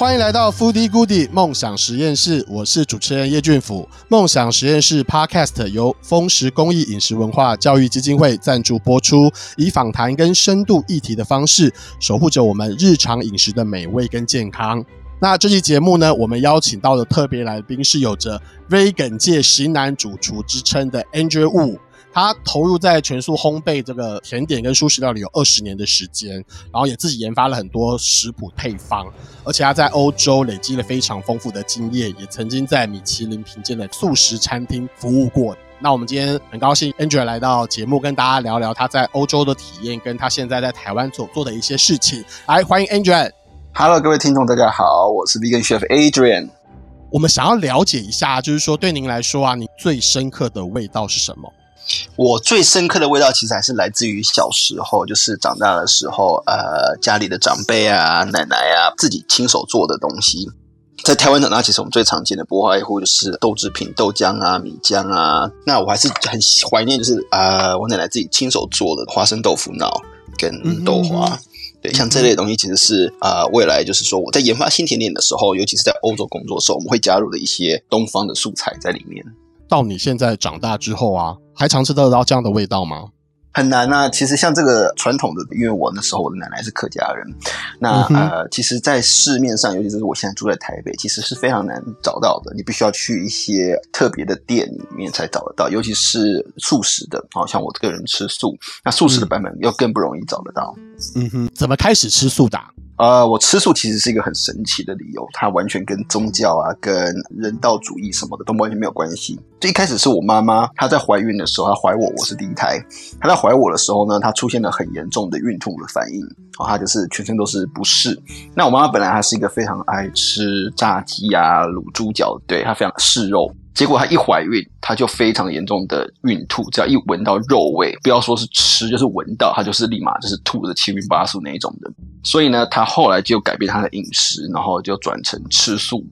歡迎來到 Foodie Goodie 夢想實驗室，我是主持人葉俊甫。夢想實驗室 Podcast 由灃食公益飲食文化教育基金會贊助播出，以訪談跟深度議題的方式，守護着我們日常飲食的美味跟健康。那這期節目呢，我們邀請到的特別來賓是有着 “Vegan 界型男主廚”之稱的 Adrian Wu。他投入在全素烘焙這個甜點跟蔬食料理有二十年的時間，然後也自己研發了很多食譜配方，而且他在歐洲累積了非常豐富的經驗，也曾經在米其林評鑑的素食餐廳服務過。那我們今天很高興 Adrian 來到節目跟大家聊聊他在歐洲的體驗，跟他現在在台灣所做的一些事情。來，歡迎 Adrian。Hello，各位聽眾，大家好，我是 Vegan Chef Adrian。我們想要了解一下，就是說對您來說啊，你最深刻的味道是什麼？我最深刻的味道，其實還是來自於小時候，就是長大的時候，呃，家裡的長輩啊、奶奶啊，自己親手做的東西。在台灣長大，其實我們最常見的，不外乎就是豆製品、豆漿啊、米漿啊。那我還是很懷念，就是啊、呃，我奶奶自己親手做的花生豆腐腦跟豆花。嗯、哼哼對，像這類東西，其實是啊、呃，未來就是說我在研發新甜點的時候，尤其是在歐洲工作的時候，我們會加入的一些東方的素材在裡面。到你現在長大之後啊，還嘗試得到這樣的味道嗎？很難啊。其實像這個傳統的，因為我那時候我的奶奶是客家人，那、嗯、哼呃，其實，在市面上，尤其是我現在住在台北，其實是非常難找到的。你必須要去一些特別的店裡面才找得到，尤其是素食的。好、哦、像我這個人吃素，那素食的版本又更不容易找得到。嗯嗯哼，怎麼開始吃素的？呃，我吃素其實是一個很神奇的理由，它完全跟宗教啊、跟人道主義什麼的都完全沒有關係。最一開始是我媽媽，她在懷孕的時候，她懷我，我是第一胎。她在懷我的時候呢，她出現了很嚴重的孕吐的反應，哦，她就是全身都是不適。那我媽媽本來她是一個非常愛吃炸雞啊、滷豬腳，對，她非常的嗜肉。結果她一懷孕，她就非常嚴重的孕吐，只要一聞到肉味，不要說是吃，就是聞到，她就是立馬就是吐得七葷八素那一種的。所以呢，她後來就改變她的飲食，然後就轉成吃素。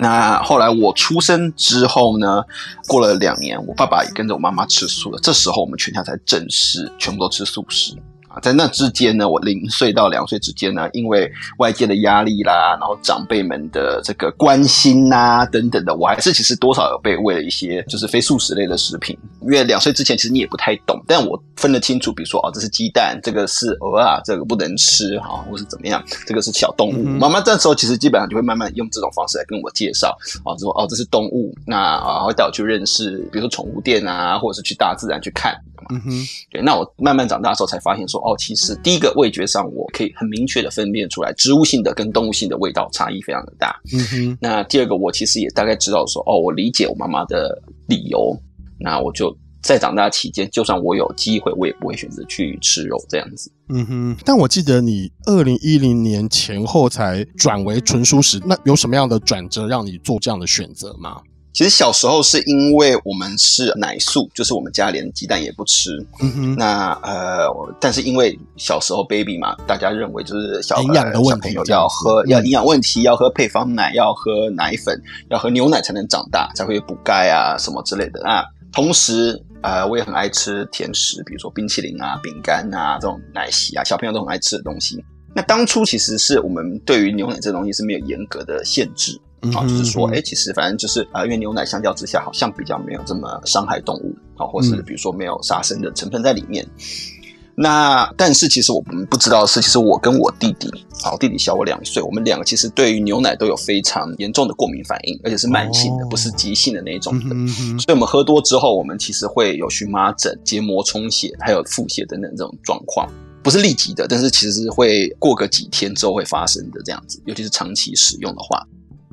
那後來我出生之後呢，過了兩年，我爸爸也跟着我媽媽吃素了。這時候我們全家才正式全部都吃素食。在那之間呢，我零歲到兩歲之間呢，因為外界的壓力啦，然後長輩們的這個關心吶、啊、等等的，我還是其實多少有被餵了一些就是非素食類的食品。因為兩歲之前其實你也不太懂，但我分得清楚，比如說啊、哦，這是雞蛋，這個是鵝啊，這個不能吃哈、哦，或是怎麼樣，這個是小動物。媽媽、嗯嗯、這時候其實基本上就會慢慢用這種方式來跟我介紹啊，哦就是、說哦，這是動物，那啊，會帶、哦、我去認識，比如說寵物店啊，或者是去大自然去看。嗯哼，對，那我慢慢長大的時候才發現說，哦，其實第一個味覺上我可以很明確的分辨出來，植物性的跟動物性的味道差異非常的大。嗯哼，那第二個我其實也大概知道說，哦，我理解我媽媽的理由，那我就在長大期間，就算我有機會，我也不會選擇去吃肉這樣子。嗯哼，但我記得你二零一零年前後才轉為純素食，那有什麼樣的轉折讓你做這樣的選擇嗎？其實小時候是因為我們是奶素，就是我們家連雞蛋也不吃。嗯哼。那呃，但是因為小時候 baby 嘛，大家認為就是小孩，營養的問題這樣子，小朋友要喝，要營養問題，嗯、要喝配方奶，要喝奶粉，要喝牛奶才能長大，才會補鈣啊什麼之類的啊。那同時呃，我也很愛吃甜食，比如說冰淇淋啊、餅乾啊這種奶昔啊，小朋友都很愛吃的東西。那當初其實是我們對於牛奶這東西是沒有嚴格的限制。啊、哦，就是說，誒其實反正就是啊、呃，因為牛奶相較之下，好像比較沒有這麼傷害動物啊、哦，或是比如說沒有殺生的成分在裡面。嗯、那但是其實我們不知道的是，其實我跟我弟弟，啊、哦，弟弟小我兩歲，我們兩個其實對於牛奶都有非常嚴重的過敏反應，而且是慢性的，哦、不是急性的那一種的。嗯、所以我們喝多之後，我們其實會有蕁麻疹、結膜充血，還有腹瀉等等這種狀況，不是立即的，但是其實會過個幾天之後會發生的這樣子，尤其是長期使用的話。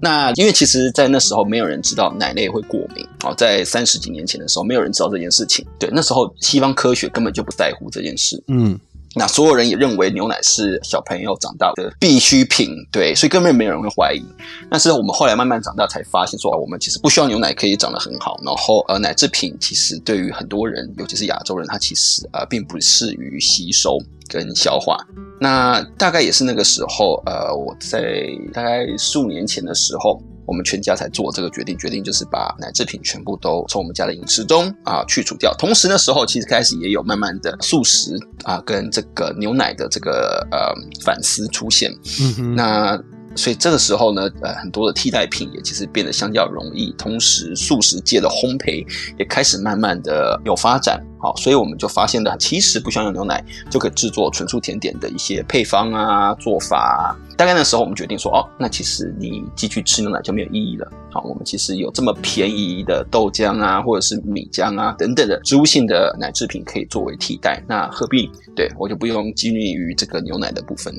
那因為其實，在那時候沒有人知道奶類會過敏哦，在三十幾年前的時候，沒有人知道這件事情。對，那時候西方科學根本就不在乎這件事。嗯。那所有人也認為牛奶是小朋友長大的必需品，對，所以根本沒有人會懷疑。但是我們後來慢慢長大，才發現說我們其實不需要牛奶，可以長得很好。然後呃，奶製品其實對於很多人，尤其是亞洲人，它其實呃並不適於吸收跟消化。那大概也是那個時候，呃，我在大概四五年前的時候。我們全家才做這個決定，決定就是把奶製品全部都從我們家的飲食中啊、呃、去除掉。同時，那時候其實開始也有慢慢的素食啊、呃，跟這個牛奶的這個呃反思出現。嗯哼。那。所以這個時候呢，呃，很多的替代品也其實變得相較容易。同時，素食界的烘焙也開始慢慢的有發展。好，所以我們就發現了，其實不需要用牛奶就可以製作純素甜點的一些配方啊、做法啊。大概那時候，我們決定說，哦，那其實你繼續吃牛奶就沒有意義了。好，我們其實有這麼便宜的豆漿啊，或者是米漿啊等等的植物性的奶製品可以作為替代，那何必？對，我就不用拘泥於這個牛奶的部分。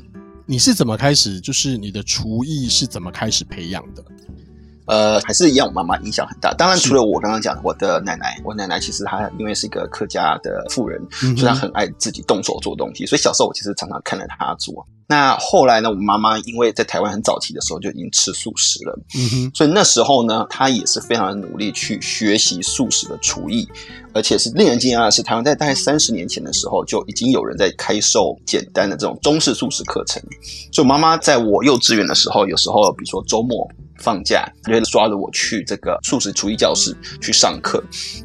你是怎麼開始？就是你的廚藝是怎麼開始培養的？呃，還是一樣，我媽媽影響很大。當然，除了我剛剛講的，我的奶奶，我奶奶其實她因為是一個客家的婦人，嗯、哼所以她很愛自己動手做東西。所以小時候我其實常常看着她做。那後來呢，我媽媽因為在台灣很早期的時候就已經吃素食了，嗯、哼所以那時候呢，她也是非常的努力去學習素食的廚藝。而且是令人驚訝的是，台灣在大概三十年前的時候就已經有人在開售簡單的這種中式素食課程。所以我媽媽在我幼稚園的時候，有時候比如說週末。放假，他就抓着我去這個素食廚藝教室去上課。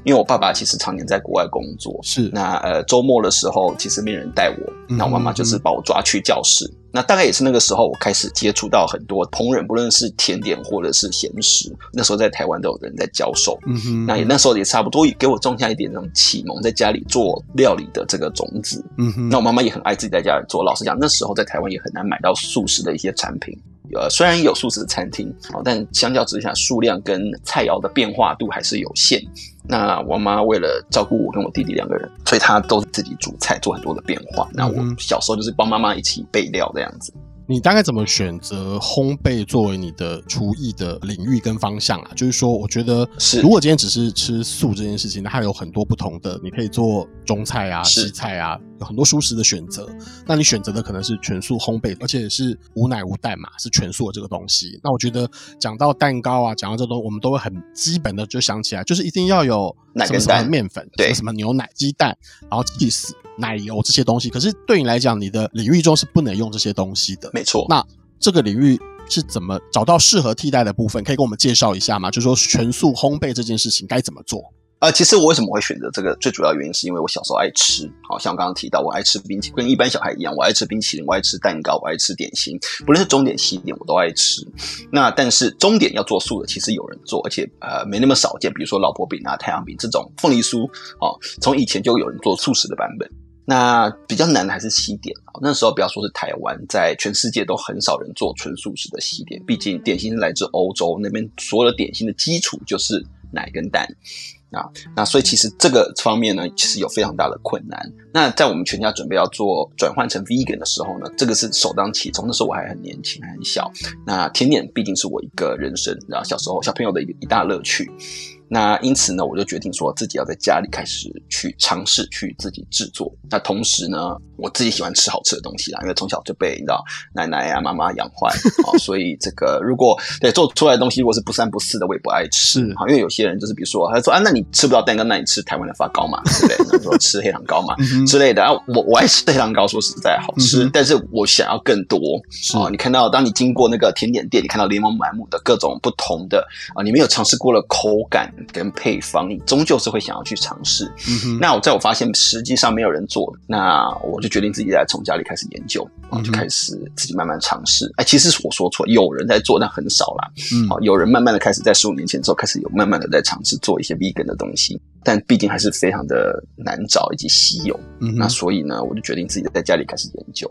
因為我爸爸其實常年在國外工作，是那呃周末的時候其實沒人帶我，嗯、那我媽媽就是把我抓去教室。嗯、那大概也是那個時候，我開始接觸到很多烹飪，不論是甜點或者是鹹食。那時候在台灣都有人在教授，嗯嗯、那也那時候也差不多也給我種下一點那種啟蒙，在家裡做料理的這個種子。嗯嗯、那我媽媽也很愛自己在家裡做，老實講，那時候在台灣也很難買到素食的一些產品。呃，雖然有素食餐廳，哦，但相較之下，數量跟菜餚的變化度還是有限。那我媽為了照顧我跟我弟弟兩個人，所以她都自己煮菜，做很多的變化。那我小時候就是幫媽媽一起備料這樣子。你大概怎麼選擇烘焙作為你的廚藝的領域跟方向啊？就是說，我覺得，是，如果今天只是吃素這件事情，那它有很多不同的，你可以做中菜啊、西菜啊，有很多蔬食的選擇。那你選擇的可能是全素烘焙，而且是無奶無蛋嘛，是全素的這個東西。那我覺得，講到蛋糕啊，講到這都，我們都會很基本的就想起來，就是一定要有奶跟蛋、麵粉、對什麼牛奶、雞蛋，然後起司。奶油這些東西，可是對你來講，你的領域中是不能用這些東西的。沒錯，那這個領域是怎麼找到適合替代的部分？可以跟我們介紹一下嗎？就是、說全素烘焙這件事情該怎麼做啊、呃？其實我為什麼會選擇這個，最主要原因是因為我小時候愛吃，好、哦、像我剛剛提到，我愛吃冰淇淋，跟一般小孩一樣，我愛吃冰淇淋，我愛吃蛋糕，我愛吃點心，不論是中點西點我都愛吃。那但是中點要做素的，其實有人做，而且呃沒那麼少見，比如說老婆餅啊、太陽餅這種鳳梨酥啊、哦，從以前就有人做素食的版本。那比較難的還是西點，那時候不要說是台灣，在全世界都很少人做純素食的西點，畢竟點心是來自歐洲，那邊所有的點心的基礎就是奶跟蛋，啊，那所以其實這個方面呢，其實有非常大的困難。那在我們全家準備要做轉換成 Vegan 的時候呢，這個是首當其衝。那時候我還很年輕，還很小，那甜點畢竟是我一個人生，然後小時候小朋友的一個一大樂趣。那因此呢，我就決定說自己要在家裡開始去嘗試去自己製作。那同時呢，我自己喜歡吃好吃的東西啦，因為從小就被你知道奶奶呀、媽媽養壞哦，所以這個如果對做出來的東西如果是不三不四的，我也不愛吃。好，因為有些人就是比如說他說啊，那你吃不到蛋糕，那你吃台灣的發糕嘛，對不對？說吃黑糖糕嘛之類的。啊，我我愛吃黑糖糕，說實在好吃，但是我想要更多。啊，你看到當你經過那個甜點店，你看到琳琅滿目的各種不同的啊，你沒有嘗試過了口感。跟配方，你終究是會想要去嘗試。嗯、哼那我在我發現實際上沒有人做，那我就決定自己來從家裡開始研究，嗯、哼就開始自己慢慢嘗試。哎，其實我說錯，有人在做，但很少啦。好、嗯，有人慢慢的開始在十五年前之後開始有慢慢的在嘗試做一些 vegan 的東西，但畢竟還是非常的難找以及稀有。嗯、哼那所以呢，我就決定自己在家裡開始研究。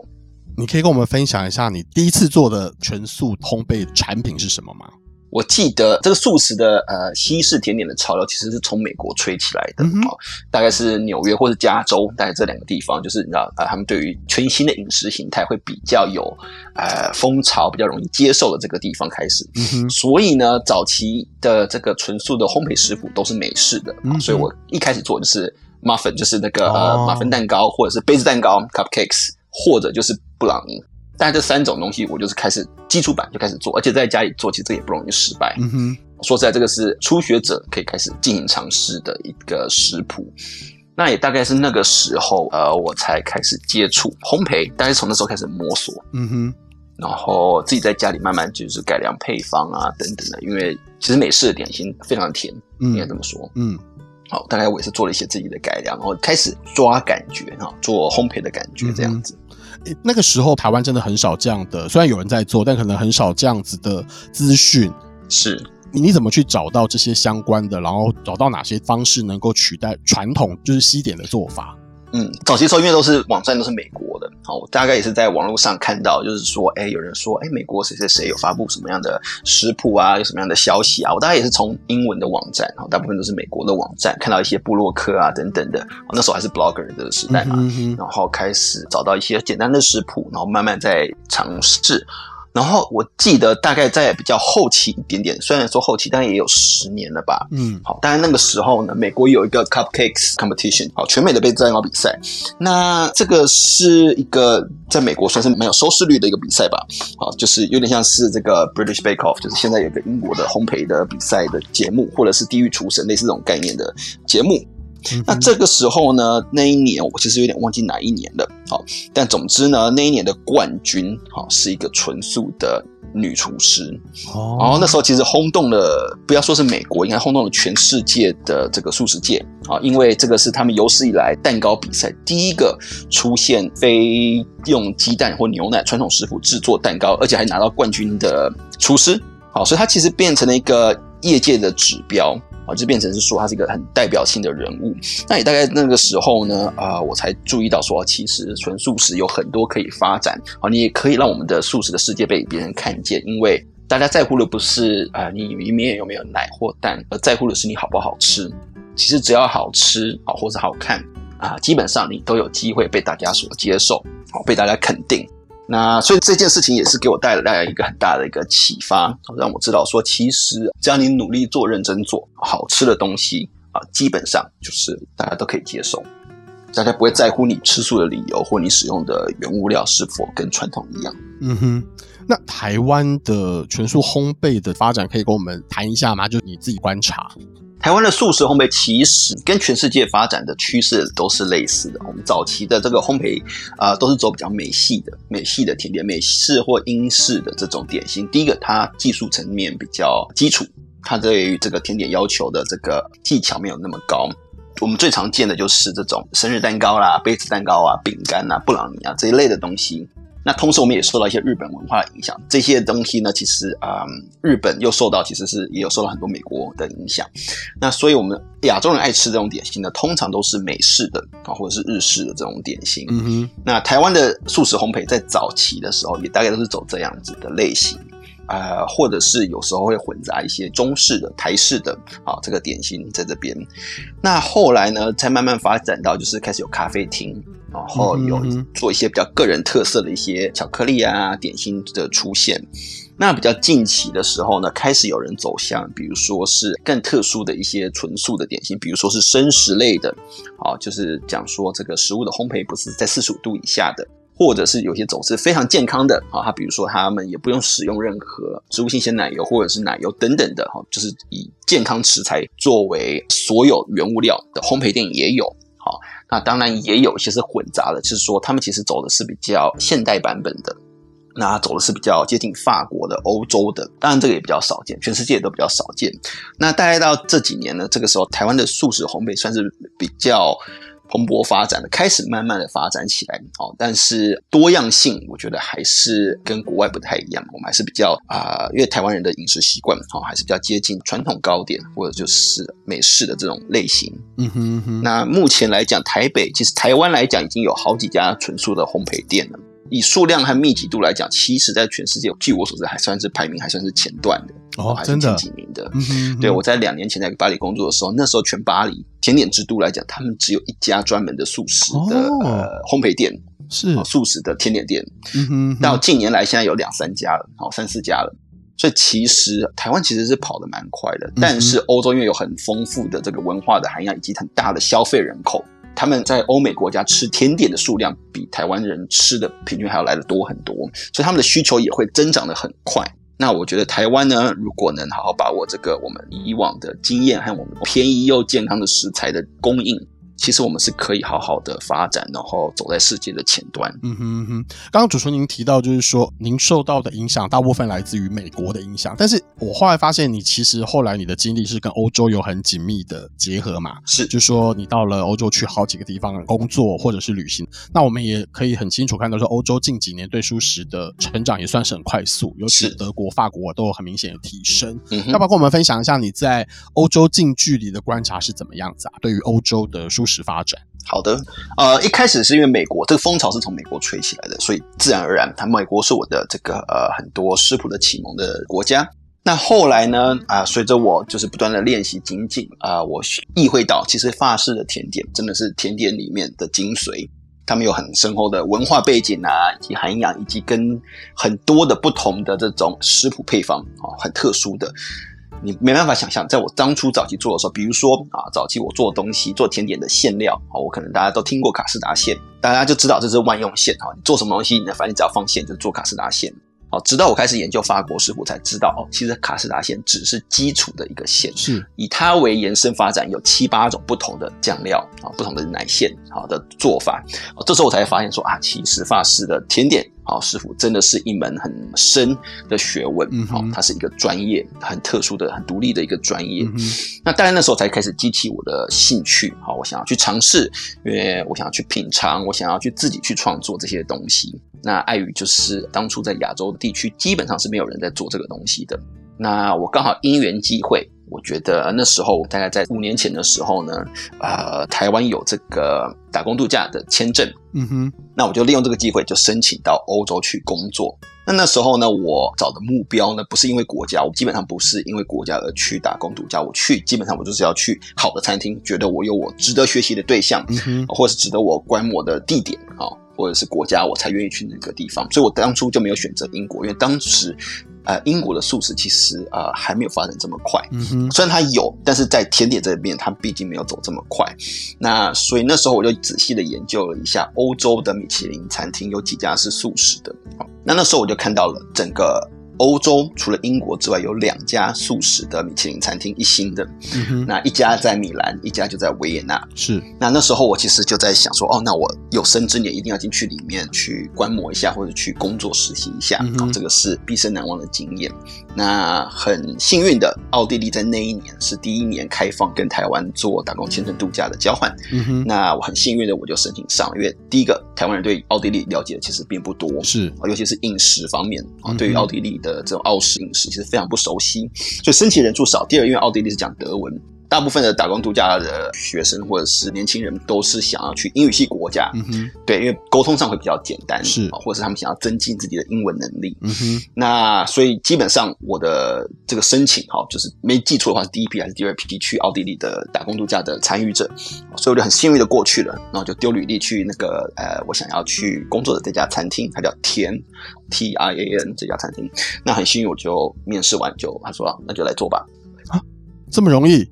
你可以跟我們分享一下你第一次做的全素烘焙產品是什麼嗎？我記得這個素食的呃，西式甜點的潮流其實是從美國吹起來的、嗯哼哦、大概是紐約或是加州，大概這兩個地方，就是你知道啊、呃，他們對於全新的飲食形態會比較有呃風潮，比較容易接受的這個地方開始。嗯、哼所以呢，早期的這個純素的烘焙食譜都是美式的、嗯哼哦，所以我一開始做就是 muffin，就是那個馬芬、哦呃、蛋糕，或者是杯子蛋糕 （cupcakes），或者就是布朗尼。但這三種東西，我就是開始基礎版就開始做，而且在家裡做其實這也不容易失敗。嗯哼，說實在，這個是初學者可以開始進行嘗試的一個食譜。那也大概是那個時候，呃，我才開始接觸烘焙。大概是從那時候開始摸索，嗯哼，然後自己在家裡慢慢就是改良配方啊等等的，因為其實美式的點心非常甜，應該、嗯、這麼說。嗯，好，大概我也是做了一些自己的改良，然後開始抓感覺哈，做烘焙的感覺這樣子。嗯那個時候台灣真的很少這樣的，雖然有人在做，但可能很少這樣子的資訊。是，你怎麼去找到這些相關的，然後找到哪些方式能夠取代傳統就是西點的做法？嗯，早期的時候因為都是網站都是美國的，好，我大概也是在網絡上看到，就是說，哎，有人說，哎，美國誰誰誰有發布什麼樣的食譜啊，有什麼樣的消息啊，我大概也是從英文的網站，大部分都是美國的網站，看到一些部落客啊等等的，那時候還是 blogger 的時代嘛，嗯哼嗯哼，然後開始找到一些簡單的食譜，然後慢慢再嘗試。然後我記得大概在比較後期一點點，雖然說後期，當然也有十年了吧。嗯，好，當然那個時候呢，美國有一個 Cupcakes Competition，好，全美的杯子蛋糕比賽。那這個是一個在美國算是蠻有收視率的一個比賽吧。好，就是有點像是這個 British Bake Off，就是現在有個英國的烘焙的比賽的節目，或者是地獄廚神類似這種概念的節目。那這個時候呢？那一年我其實有點忘記哪一年了。好，但總之呢，那一年的冠軍啊是一個純素的女廚師。哦，那時候其實轟動了，不要說是美國，應該轟動了全世界的這個素食界啊，因為這個是他們有史以來蛋糕比賽第一個出現非用雞蛋或牛奶傳統食譜製作蛋糕，而且還拿到冠軍的廚師。好，所以它其實變成了一個，業界的指標啊，就變成是說他是一個很代表性的人物。那你大概那個時候呢啊、呃，我才注意到說，其實純素食有很多可以發展啊、呃，你也可以讓我們的素食的世界被別人看見。因為大家在乎的不是啊、呃，你裡面有沒有奶或蛋，而在乎的是你好不好吃。其實只要好吃啊，或者好看啊、呃，基本上你都有機會被大家所接受，好、呃、被大家肯定。那所以這件事情也是給我帶來一個很大的一個啟發，讓我知道說，其實只要你努力做、認真做好吃的東西啊，基本上就是大家都可以接受，大家不會在乎你吃素的理由或你使用的原物料是否跟傳統一樣。嗯哼。那台灣的全素烘焙的發展可以跟我們談一下嗎？就是你自己觀察。台灣的素食烘焙其實跟全世界發展的趨勢都是類似的。我們早期的這個烘焙啊、呃，都是走比較美系的、美系的甜點、美式或英式的這種點心。第一個，它技術層面比較基礎，它對於這個甜點要求的這個技巧沒有那麼高。我們最常見的就是這種生日蛋糕啦、杯子蛋糕啊、餅乾啊、布朗尼啊這一類的東西。那同時，我們也受到一些日本文化的影響。這些東西呢，其實啊、嗯，日本又受到其實是也有受到很多美國的影響。那所以，我們亞洲人愛吃這種點心呢，通常都是美式的啊，或者是日式的這種點心。嗯哼。那台灣的素食烘焙在早期的時候，也大概都是走這樣子的類型啊、呃，或者是有時候會混雜一些中式的、台式的啊、哦、這個點心在這邊。那後來呢，才慢慢發展到就是開始有咖啡廳。然後有做一些比較個人特色的一些巧克力啊點心的出現。那比較近期的時候呢，開始有人走向，比如說是更特殊的一些純素的點心，比如說是生食類的，好，就是講說這個食物的烘焙不是在四十五度以下的，或者是有些總是非常健康的，好，它比如說他們也不用使用任何植物性鮮奶油或者是奶油等等的，好，就是以健康食材作為所有原物料的烘焙店也有。那當然也有些是混雜的，就是說他們其實走的是比較現代版本的，那走的是比較接近法國的、歐洲的，當然這個也比較少見，全世界也都比較少見。那大概到這幾年呢，這個時候台灣的素食烘焙算是比較蓬勃發展的開始，慢慢的發展起來哦。但是多樣性，我覺得還是跟國外不太一樣。我們還是比較啊、呃，因為台灣人的飲食習慣哦，還是比較接近傳統糕點或者，就是美式的這種類型。嗯哼嗯哼。那目前來講，台北，其實台灣來講已經有好幾家純素的烘焙店了。以數量和密集度來講，其實在全世界，據我所知，還算是排名還算是前段的。哦，還是近幾年的。真的。對，我在兩年前在巴黎工作的時候，嗯嗯，那時候全巴黎甜點之都來講，他們只有一家專門的素食的、哦、呃烘焙店，是、哦、素食的甜點店。嗯哼，嗯哼，到近年來現在有兩三家了，好、哦、三四家了。所以其實台灣其實是跑得蠻快的，但是歐洲因為有很豐富的這個文化的涵養以及很大的消費人口，他們在歐美國家吃甜點的數量比台灣人吃的平均還要來得多很多，所以他們的需求也會增長得很快。那我覺得台灣呢，如果能好好把握這個我們以往的經驗和我們便宜又健康的食材的供應。其實我們是可以好好的發展，然後走在世界的前端。嗯哼哼。剛剛主持人您提到，就是說您受到的影響大部分來自於美國的影響，但是我後來發現，你其實後來你的經歷是跟歐洲有很緊密的結合嘛？是，就說你到了歐洲去好幾個地方工作或者是旅行。那我們也可以很清楚看到，說歐洲近幾年對蔬食的成長也算是很快速，是尤其德國、法國都有很明顯的提升。那包括我們分享一下你在歐洲近距離的觀察是怎麼樣子啊？對於歐洲的蔬發展。好的，呃，一開始是因為美國這個風潮是從美國吹起來的，所以自然而然，它美國是我的這個呃很多食譜的啟蒙的國家。那後來呢，啊、呃，隨着我就是不斷的練習，精進啊，我意會到，其實法式的甜點真的是甜點裡面的精髓，他們有很深厚的文化背景啊，以及涵養，以及跟很多的不同的這種食譜配方啊、哦，很特殊的。你沒辦法想象，在我當初早期做的時候，比如說啊，早期我做的東西做甜點的餡料啊，我可能大家都聽過卡斯達餡，大家就知道這是萬用餡哈，啊。你做什麼東西，你反正你只要放餡就是做卡斯達餡。直到我開始研究法國師傅，才知道哦，其實卡士達餡只是基礎的一個餡，是，以它為延伸發展，有七八種不同的醬料啊，不同的奶餡，好的做法。這時候我才發現說啊，其實法式的甜點，好師傅真的是一門很深的學問，好，它是一個專業很特殊的、很獨立的一個專業。那當然，那時候才開始激起我的興趣，好，我想要去嘗試，因為我想要去品嘗，我想要去自己去創作這些東西。那礙於就是當初在亞洲的地區，基本上是沒有人在做這個東西的。那我剛好因緣際會，我覺得那時候我大概在五年前的時候呢，呃，台灣有這個打工度假的簽證。嗯哼。那我就利用這個機會，就申請到歐洲去工作。那那時候呢，我找的目標呢，不是因為國家，我基本上不是因為國家而去打工度假。我去，基本上我就是要去好的餐廳，覺得我有我值得學習的對象，嗯哼。或是值得我觀摩的地點啊。哦或者是國家，我才願意去那個地方，所以我當初就沒有選擇英國，因為當時，呃，英國的素食其實啊，呃，還沒有發展這麼快，嗯哼，雖然它有，但是在甜點這邊它畢竟沒有走這麼快，那所以那時候我就仔細的研究了一下歐洲的米其林餐廳有幾家是素食的，那那時候我就看到了整個。歐洲除了英國之外，有兩家素食的米其林餐廳一星的，嗯、哼那一家在米蘭，一家就在維也納。是，那那時候我其實就在想說，哦，那我有生之年一定要進去裡面去觀摩一下，或者去工作實習一下、嗯哼哦，這個是畢生難忘的經驗。那很幸運的，奧地利在那一年是第一年開放跟台灣做打工簽證度假的交換。嗯、哼那我很幸運的我就申請上了，因為第一個台灣人對奧地利了解的其實並不多，是，尤其是飲食方面啊，哦嗯、哼對於奧地利。的這種奧式飲食其實非常不熟悉，所以申請人數少。第二，因為奧地利是講德文。大部分的打工度假的學生或者是年輕人都是想要去英語系國家，嗯、哼對，因為溝通上會比較簡單，是、哦，或者是他們想要增進自己的英文能力。嗯、哼那所以基本上我的這個申請，哈、哦，就是沒記錯的話，第一批還是第二批去奧地利的打工度假的參與者，所以我就很幸運的過去了，然後就丟履歷去那個呃，我想要去工作的這家餐廳，它叫 T I A N 這家餐廳。那很幸運，我就面試完就他說、啊、那就來做吧，啊，這麼容易。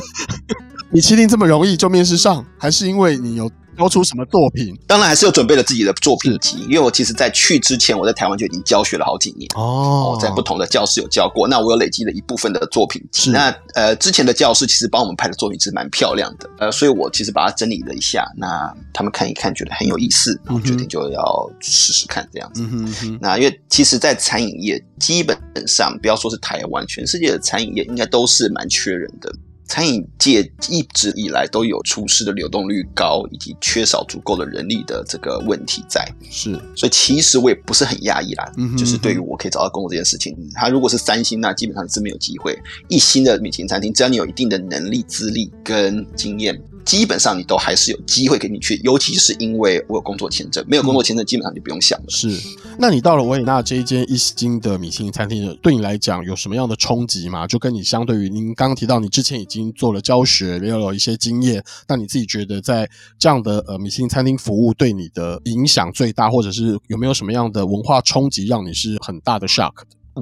米其林這麼容易就面試上，還是因為你有？交出什麼作品？當然還是有準備了自己的作品集，是因為我其實在去之前，我在台灣就已經教學了好幾年哦，哦，在不同的教室有教過，那我有累積了一部分的作品集。是那呃，之前的教室其實幫我們拍的作品其實蠻漂亮的，呃，所以我其實把它整理了一下，那他們看一看覺得很有意思，然後決定就要試試看這樣子。嗯、哼那因為其實在餐飲業，基本上不要說是台灣，全世界的餐飲業應該都是蠻缺人的。餐飲界一直以來都有廚師的流動率高以及缺少足夠的人力的這個問題在，在是，是所以其實我也不是很訝異啦，嗯哼嗯哼就是對於我可以找到工作這件事情，他如果是三星那、啊、基本上是沒有機會，一星的米其林餐廳，只要你有一定的能力、資歷跟經驗。基本上你都還是有機會給你去，尤其是因為我有工作簽證，沒有工作簽證基本上就不用想了。是，那你到了維也納這一間一星的米其林餐廳，對你來講有什麼樣的衝擊嗎？就跟你相對於您剛剛提到，你之前已經做了教學，有了一些經驗，那你自己覺得在這樣的呃米其林餐廳服務對你的影響最大，或者是有沒有什麼樣的文化衝擊讓你是很大的 shock？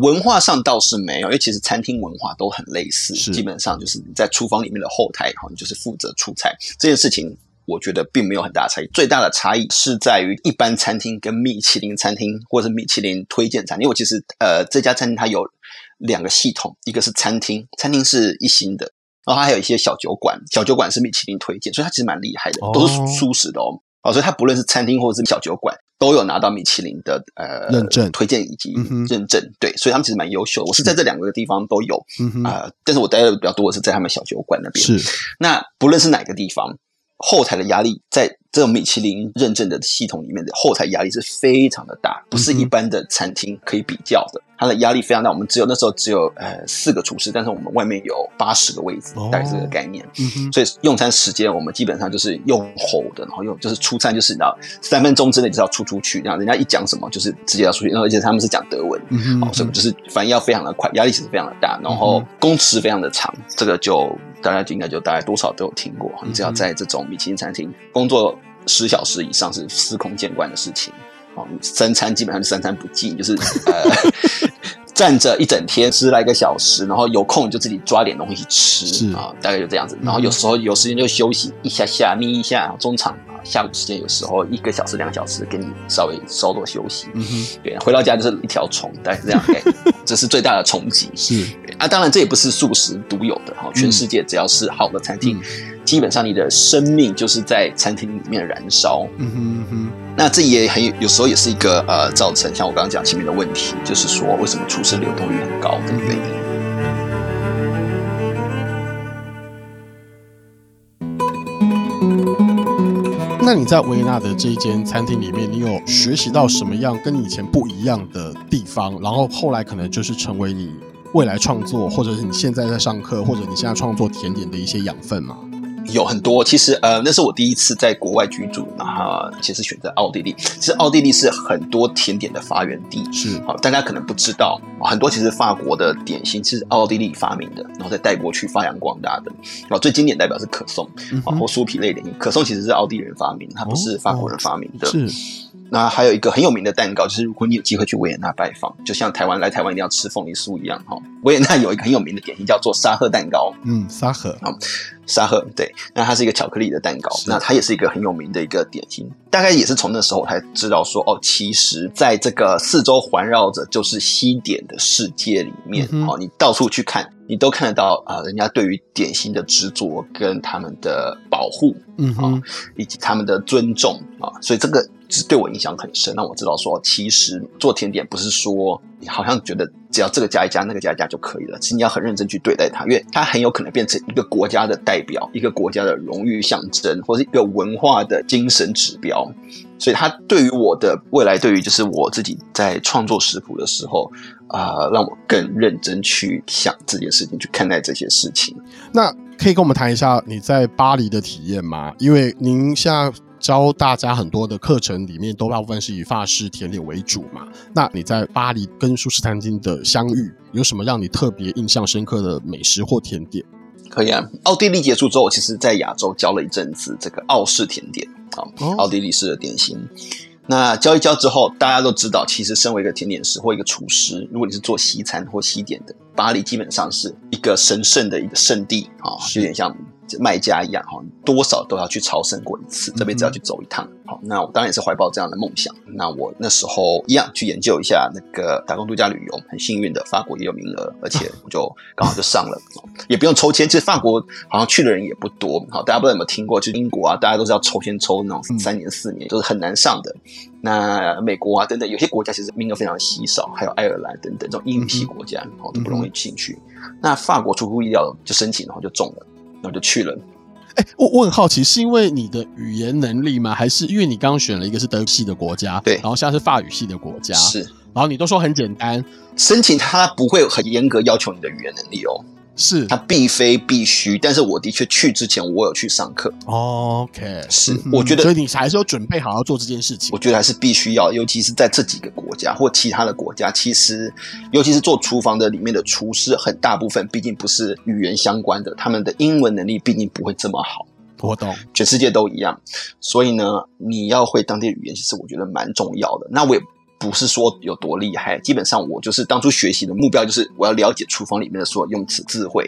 文化上倒是沒有，因為其實餐廳文化都很類似，是基本上就是你在廚房裡面的後台，然後，你就是負責出菜這件事情，我覺得並沒有很大的差異。最大的差異是在於一般餐廳跟米其林餐廳或者是米其林推薦餐廳。因為我其實呃這家餐廳它有兩個系統，一個是餐廳，餐廳是一星的，然後它還有一些小酒館，小酒館是米其林推薦，所以它其實蠻厲害的，都是蔬食的哦。哦、哦，所以它不論是餐廳或者是小酒館。都有拿到米其林的呃認證推薦以及認證，嗯、哼對，所以他們其實蠻優秀的。我是在這兩個地方都有啊、嗯哼呃，但是我待的比較多的是在他們小酒館那邊。是，那不論是哪個地方。後台的壓力，在這種米其林認證的系統裡面的後台壓力是非常的大，不是一般的餐廳可以比較的。嗯、哼它的壓力非常大，我們只有那時候只有呃四個廚師，但是我們外面有八十個位置，哦、大概是這個概念。嗯、哼所以用餐時間我們基本上就是用吼的，然後用就是出餐就是要三分鐘之內就是要出出去，然後人家一講什麼就是直接要出去，然後而且他們是講德文，嗯、哼哦，所以就是反應要非常的快，壓力其實非常的大，然後工時非常的長，嗯、哼這個就。大家應該就大概多少都有聽過，你只要在這種米其林餐廳工作十小時以上是司空見慣的事情。啊，三餐基本上是三餐不進，就是呃 站着一整天，十來個小時，然後有空就自己抓點東西吃啊，是大概就這樣子。然後有時候有時間就休息一下下眯一下，中場啊下午時間有時候一個小時兩小時給你稍微稍作休息。嗯哼，對，回到家就是一條蟲，大概是這樣， 這是最大的衝擊。是。啊，當然，這也不是素食獨有的哈。嗯、全世界只要是好的餐廳，嗯、基本上你的生命就是在餐廳裡面燃燒。嗯哼嗯哼。那這也很有時候也是一個呃造成像我剛剛講前面的問題，就是說為什麼廚師流動率很高的原因。嗯、那你在維也納的這一間餐廳裡面，你有學習到什麼樣跟你以前不一樣的地方？然後後來可能就是成為你。未來創作，或者是你現在在上課，或者你現在創作甜點的一些養分嗎？有很多，其實呃，那是我第一次在國外居住，然後、呃、其實選擇奧地利。其實奧地利是很多甜點的發源地。是，好，大家可能不知道，很多其實法國的點心是奧地利發明的，然後再帶過去發揚光大的。然後最經典代表是可頌，啊，或酥皮類點心。嗯、哼可頌其實是奧地利人發明，它不是法國人發明的。哦哦、是。那還有一個很有名的蛋糕，就是如果你有機會去維也納拜訪，就像台灣來台灣一定要吃鳳梨酥一樣，哈、哦，維也納有一個很有名的點心叫做沙赫蛋糕，嗯，沙赫啊、哦，沙赫，對，那它是一個巧克力的蛋糕，的那它也是一個很有名的一個點心，大概也是從那時候才知道說，哦，其實在這個四周環繞着就是西點的世界裡面，嗯、哼哦，你到處去看，你都看得到啊、呃，人家對於點心的執着跟他們的保護，嗯啊哼、哦，以及他們的尊重啊、哦，所以這個。只對我影響很深，讓我知道說，其實做甜點不是說，你好像覺得只要這個加一加，那個加一加就可以了，其實你要很認真去對待它，因為它很有可能變成一個國家的代表，一個國家的榮譽象徵，或者是一個文化的精神指標。所以它對於我的未來，對於就是我自己在創作食譜的時候，啊、呃，讓我更認真去想這件事情，去看待這些事情。那可以跟我們談一下你在巴黎的體驗嗎？因為您現教大家很多的課程裡面都大部分是以法式甜點為主嘛。那你在巴黎跟蔬食餐廳的相遇，有什麼讓你特別印象深刻的美食或甜點？可以啊，奧地利結束之後，其實在亞洲教了一陣子這個奧式甜點啊，奧、哦哦、地利式的點心。那教一教之後，大家都知道，其實身為一個甜點師或一個廚師，如果你是做西餐或西點的，巴黎基本上是一個神聖的一個聖地啊，哦、是就有點像。賣家一樣哈，多少都要去朝聖過一次，這輩子要去走一趟。嗯、好，那我當然也是懷抱這樣的夢想。嗯、那我那時候一樣去研究一下那個打工度假旅遊，很幸運的，法國也有名額，而且我就剛好就上了，啊、也不用抽籤。其實法國好像去的人也不多。好，大家不知道有沒有聽過，就是英國啊，大家都是要抽籤抽那種三年四年，嗯、就是很難上的。那美國啊等等，有些國家其實名額非常稀少，還有愛爾蘭等等這種英語系國家，好、嗯、哦、都不容易進去。嗯、那法國出乎意料就申請，然後就中了。我就去了。哎、欸，我我很好奇，是因為你的語言能力嗎？還是因為你剛剛選了一個是德系的國家，對，然後現在是法語系的國家，是。然後你都說很簡單，申請他不會很嚴格要求你的語言能力哦。是他並非必須，但是我的確去之前我有去上課。Oh, OK，是我覺得、嗯，所以你還是有準備好要做這件事情。我覺得還是必須要，尤其是在這幾個國家或其他的國家，其實尤其是做廚房的裡面的廚師，很大部分畢竟不是語言相關的，他們的英文能力畢竟不會這麼好。我懂動，全世界都一樣，所以呢，你要會當地的語言，其實我覺得蠻重要的。那我也。不是說有多厲害，基本上我就是當初學習的目標，就是我要了解廚房裡面的所有用詞詞彙。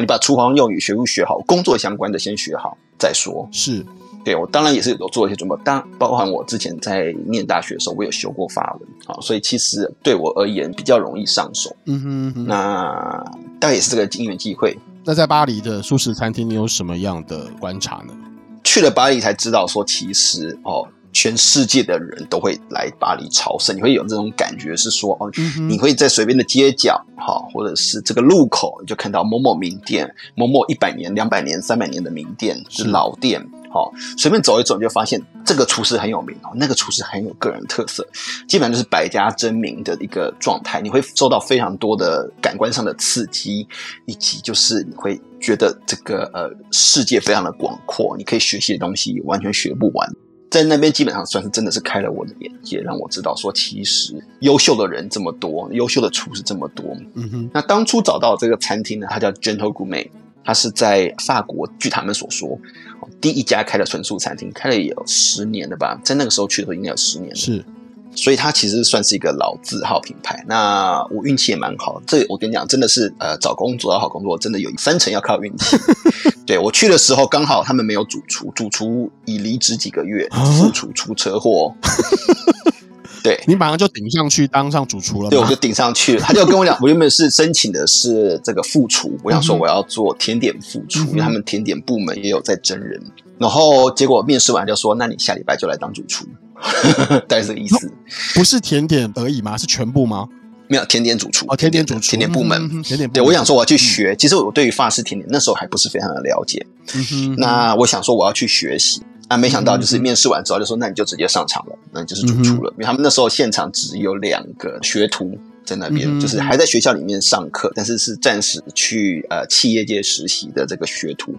你把廚房用語學不學好，工作相關的先學好再說。是，對我當然也是有做一些準備，當然包含我之前在念大學的時候，我有修過法文啊，所以其實對我而言比較容易上手。嗯哼，嗯哼，那當然也是這個因緣際會。那在巴黎的素食餐廳，你有什麼樣的觀察呢？去了巴黎才知道說其實哦。全世界的人都會來巴黎朝聖，你會有這種感覺，是說哦，嗯、哼你會在隨便的街角，哈，或者是這個路口，你就看到某某名店，嗯、某某一百年、兩百年、三百年的名店是老店，好、嗯哦，隨便走一走，你就發現這個廚師很有名，那個廚師很有個人特色，基本上就是百家爭鳴的一個狀態。你會受到非常多的感官上的刺激，以及就是你會覺得這個呃世界非常的廣闊，你可以學習的東西完全學不完。在那邊基本上算是真的是開了我的眼界，讓我知道說其實優秀的人這麼多，優秀的廚師這麼多。嗯哼。那當初找到這個餐廳呢，它叫 Gentle Gourmet，它是在法國，據他們所說，第一家開的純素餐廳，開了也有十年了吧。在那個時候去的時候應該有十年了。是。所以他其實算是一個老字號品牌。那我運氣也蠻好，這我跟你講，真的是呃，找工作找好工作真的有三成要靠運氣。 對，我去的時候剛好他們沒有主廚，主廚已離職幾個月，副廚出車禍。啊、對，你馬上就頂上去當上主廚了。對，我就頂上去了，他就跟我講，我原本是申請的是這個副廚，我想說我要做甜點副廚，嗯、哼因為他們甜點部門也有在徵人。然後結果面試完就說，那你下禮拜就來當主廚。呵，大概這個意思，no, 不是甜點而已嗎？是全部嗎？沒有，甜點主廚啊、哦，甜點主廚甜點，甜點部門，嗯、甜點部門。對我想說，我要去學。嗯、其實我對於法式甜點那時候還不是非常的了解。嗯嗯、那我想說，我要去學習。啊，沒想到就是面試完之後就說，嗯、哼那你就直接上場了，那你就是主廚了。嗯、哼因為他們那時候現場只有兩個學徒在那邊，嗯、就是還在學校裡面上課，但是是暫時去呃企業界實習的這個學徒。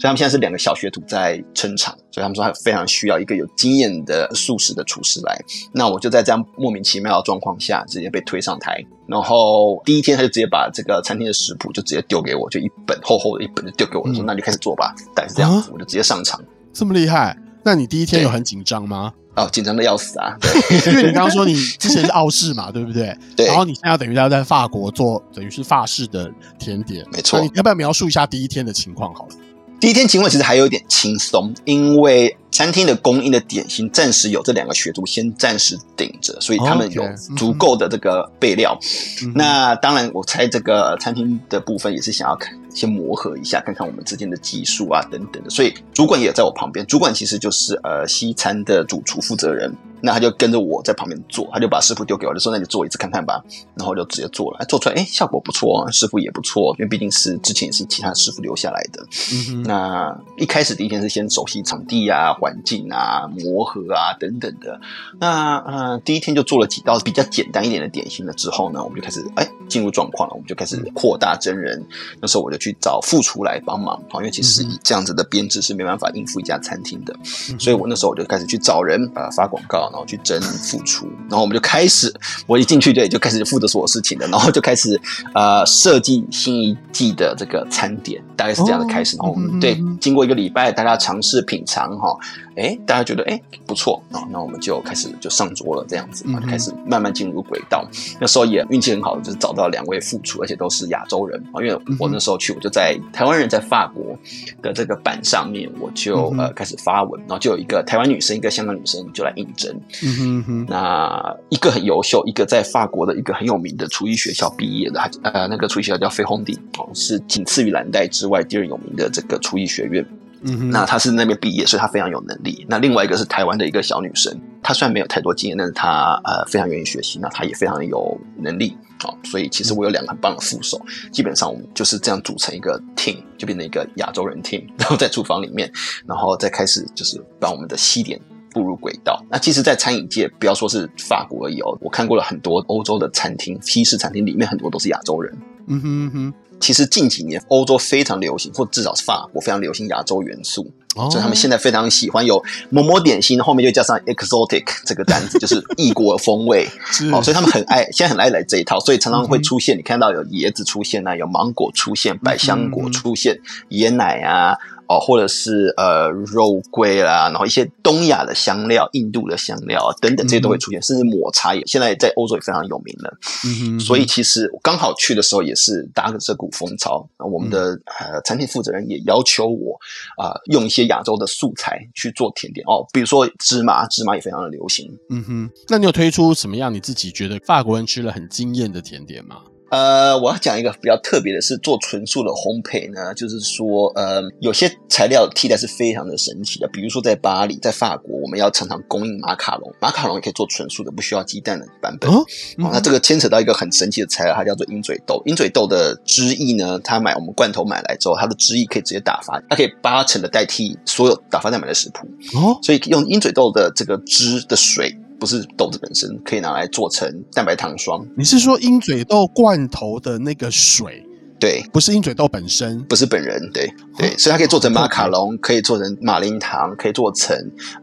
所以他們現在是兩個小學徒在撐場，所以他們說他非常需要一個有經驗的素食的廚師來。那我就在這樣莫名其妙的狀況下，直接被推上台。然後第一天他就直接把這個餐廳的食譜就直接丟給我，就一本厚厚的一本就丟給我的說，說、嗯、那就開始做吧。但是這樣子、啊、我就直接上場。這麼厲害？那你第一天有很緊張嗎？哦，緊張的要死啊！對 因為你剛剛說你之前是澳式嘛，對不 對？對。然後你現在要等於要在法國做，等於是法式的甜點，沒錯錯。你要不要描述一下第一天的情況好了？第一天情況其實還有點輕鬆，因為餐廳的供應的點心暫時有這兩個學徒先暫時頂着，所以他們有足夠的這個備料。Oh, okay. 那當然，我猜這個餐廳的部分也是想要看。先磨合一下，看看我們之間的技術啊，等等的。所以主管也在我旁邊，主管其實就是呃西餐的主廚負責人，那他就跟着我在旁邊做，他就把師傅丟給我，就說，那你做一次看看吧，然後就直接做了，做出來哎、欸、效果不錯，師傅也不錯，因為畢竟是之前也是其他師傅留下來的。嗯、哼那一開始第一天是先熟悉場地啊、環境啊、磨合啊等等的。那呃第一天就做了幾道比較簡單一點的點心了之後呢，我們就開始哎進、欸、入狀況了，我們就開始擴大真人。嗯、那時候我就。去找副廚來幫忙，因為其實以這樣子的編制是沒辦法應付一家餐廳的，嗯、哼所以我那時候我就開始去找人、呃，發廣告，然後去徵副廚，然後我們就開始，我一進去，對，就開始就負責所有事情的，然後就開始、呃、設計新一季的這個餐點，大概是這樣的開始，哦、然後我們、嗯、哼對，經過一個禮拜，大家嘗試品嚐哈，哎，大家覺得哎不錯，啊，那我們就開始就上桌了這樣子，就開始慢慢進入軌道。嗯、哼那時候也運氣很好，就是找到兩位副廚，而且都是亞洲人，因為我那時候去、嗯。我就在台灣人在法國的這個版上面，我就、嗯、哼呃開始發文，然後就有一個台灣女生，一個香港女生就來應徵。嗯哼嗯哼，那一個很優秀，一個在法國的一個很有名的廚藝學校畢業的，呃，那個廚藝學校叫費宏迪哦，是僅次於藍帶之外第二有名的這個廚藝學院。嗯、哼那她是那邊畢業，所以她非常有能力。那另外一個是台灣的一個小女生，她雖然沒有太多經驗，但是她呃非常願意學習，那她也非常有能力。好，所以其實我有兩個很棒的副手，基本上我們就是這樣組成一個 team，就變成一個亞洲人 team，然後在廚房裡面，然後再開始就是把我們的西點步入軌道。那其實，在餐飲界，不要說是法國而已哦，我看過了很多歐洲的餐廳，西式餐廳裡面很多都是亞洲人。嗯哼嗯哼。其實近幾年歐洲非常流行，或至少是法國非常流行亞洲元素，oh. 所以他們現在非常喜歡有某某點心，後面就加上 exotic 這個單字，就是異國的風味。 是哦，所以他們很愛，現在很愛來這一套，所以常常會出現，mm hmm. 你看到有椰子出現呢、啊，有芒果出現，百香果出現，mm hmm. 椰奶啊。哦，或者是呃肉桂啦，然後一些東亞的香料、印度的香料啊等等，這些都會出現，嗯、哼甚至抹茶也現在在歐洲也非常有名了。嗯哼嗯，所以其實我剛好去的時候也是搭著這股風潮，我們的、嗯、呃產品負責人也要求我啊、呃、用一些亞洲的素材去做甜點哦，比如說芝麻，芝麻也非常的流行。嗯哼，那你有推出什麼樣你自己覺得法國人吃了很驚豔的甜點嗎？呃，我要講一個比較特別的是，是做純素的烘焙呢，就是說，呃，有些材料替代是非常的神奇的。比如說，在巴黎，在法國，我們要常常供應馬卡龍，馬卡龍也可以做純素的，不需要雞蛋的版本。哦，那這個牽扯到一個很神奇的材料，它叫做鷹嘴豆。鷹嘴豆的汁液呢，它買我們罐頭買來之後，它的汁液可以直接打發，它可以八成的代替所有打發蛋白的食譜。哦，所以用鷹嘴豆的這個汁的水。不是豆子本身，可以拿來做成蛋白糖霜，你是說鷹嘴豆罐頭的那個水？嗯、對，不是鷹嘴豆本身，不是本人，對對，哦、所以它可以做成馬卡龍，哦、可以做成馬林糖，可以做成